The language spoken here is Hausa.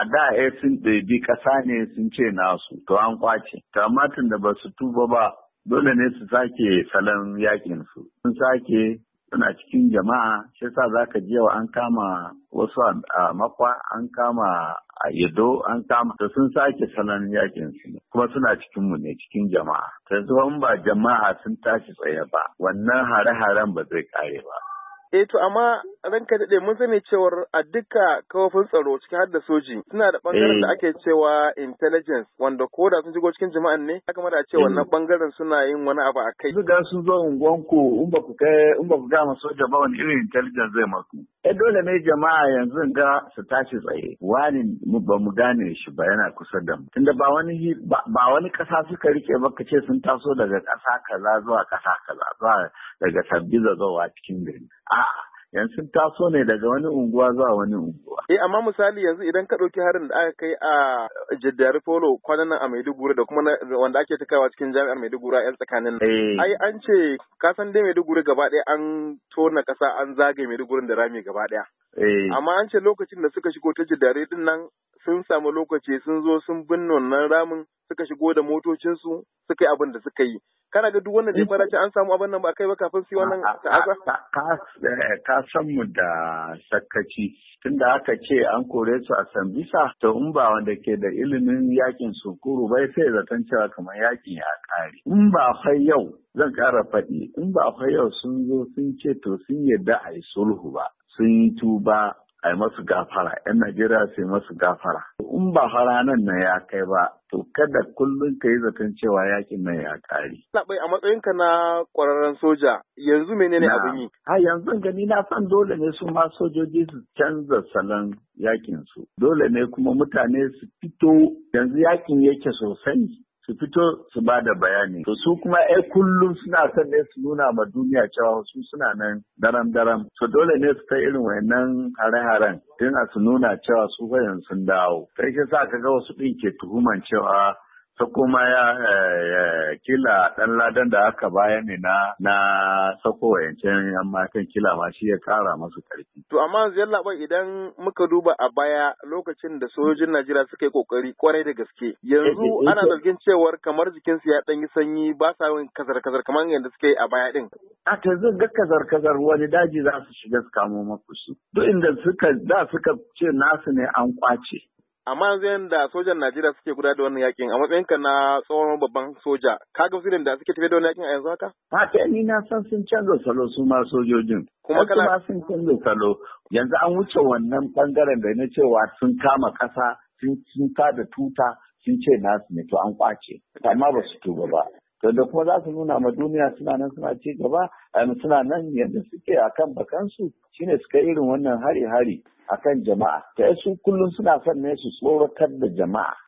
a da ya eh, sun ɗabi ƙasa ne sun ce nasu to an kwace to da ba su tuba ba dole ne su sake salon yakin su sun sake suna cikin jama'a shi yasa zaka ji yau an kama wasu a makwa an kama a yado an kama to sun sake salon yakin su kuma suna cikin mu ne cikin jama'a ta yanzu ba jama'a sun tashi tsaye ba wannan hare-haren ba zai kare ba eh to amma ranka daɗe mun sani cewar a duka kawafin tsaro ciki har da soji suna da bangaren da eh. ake cewa intelligence wanda ko da sun shigo cikin jama'an ne aka mara cewa eh. wannan bangaren suna yin wani abu a kai. Zuga sun zo unguwan ku, in ba ku kai in ba ku ma soja ba wani irin intelligence zai maku. Eh dole ne jama'a yanzu ga su tashi tsaye. Wani ba mu gane shi ba yana kusa da mu. Tunda ba wani ba wani kasa suka rike ba ka ce sun taso daga kasa kaza zuwa kasa kaza zuwa daga sabbiza zuwa cikin gari. A'a yan sun taso ne daga wani unguwa zuwa wani unguwa. Eh amma misali yanzu idan ka ɗauki harin da aka kai a Jaddari Polo kwanan nan a Maiduguri da kuma wanda ake takawa cikin jami'ar Maiduguri a 'yan tsakanin nan. Eh. Ai an ce ka san dai Maiduguri gaba ɗaya an tona ƙasa an zagaye Maiduguri da rami gaba ɗaya. Eh. Amma an ce lokacin da suka shigo ta Jaddari din nan sun samu lokaci sun zo sun binne wannan ramin suka shigo da motocinsu suka yi abin da suka yi. kana ga duk wannan zai fara an samu abin nan ba kai ba kafin su wannan ta'aza eh, ka san mu da sakkaci tunda aka ce an kore su a Sambisa to in ba wanda ke da ilimin yakin sunkuru bai sai zaton cewa kamar yakin ya kare in ba yau zan ƙara faɗi in ba fa yau sun zo sun ce to sun yarda a yi sulhu ba sun yi tuba a yi masu gafara yan najeriya su yi masu gafara in ba fara nan na ya kai ba to kada kullum ka yi zaton cewa yakin nan ya kare. labai a matsayinka na ƙwararren soja yanzu menene abin yi ha yanzu gani na san dole ne su ma sojoji su canza salon yakin su dole ne kuma mutane su fito yanzu yakin yake sosai su fito su ba da bayani. To su kuma ai kullum suna son ne su nuna ma duniya cewa su suna nan daram-daram. To dole ne su ta irin wayannan hare-haren don a su nuna cewa su bayan sun dawo. Sai yake sa ka ga wasu ɗin ke tuhuman cewa ta kuma ya kila ɗan ladan da aka bayar ne na na sako wayancin yan matan kila ma shi ya kara masu karfi To amma yalla idan muka duba a baya lokacin da sojojin Najeriya suka yi kokari kwarai da gaske yanzu eh, eh, eh, ana zargin cewar kamar jikinsu ya ɗan yi sanyi ba sa yin kazar-kazar kamar yanda suka yi a baya ɗin. A ta ga kazar-kazar wani daji za su shiga su kamo maku su. Duk inda suka da suka ce nasu ne an kwace amma yanzu yadda sojan Najeriya suke gudanar da wannan yakin a matsayin ka na tsohon babban soja ka ga filin da suke tafi da wannan yakin a yanzu haka a ta ni na san sun canza salo su ma sojojin kuma kana sun canza salo yanzu an wuce wannan bangaren da na cewa sun kama kasa sun sun da tuta sun ce nasu ne to an kwace amma ba su tuba ba to da kuma za su nuna ma duniya suna nan suna ci gaba suna nan yadda suke kan bakansu shine suka irin wannan hari-hari akan jama'a ta su kullum suna son ne su tsoratar da jama'a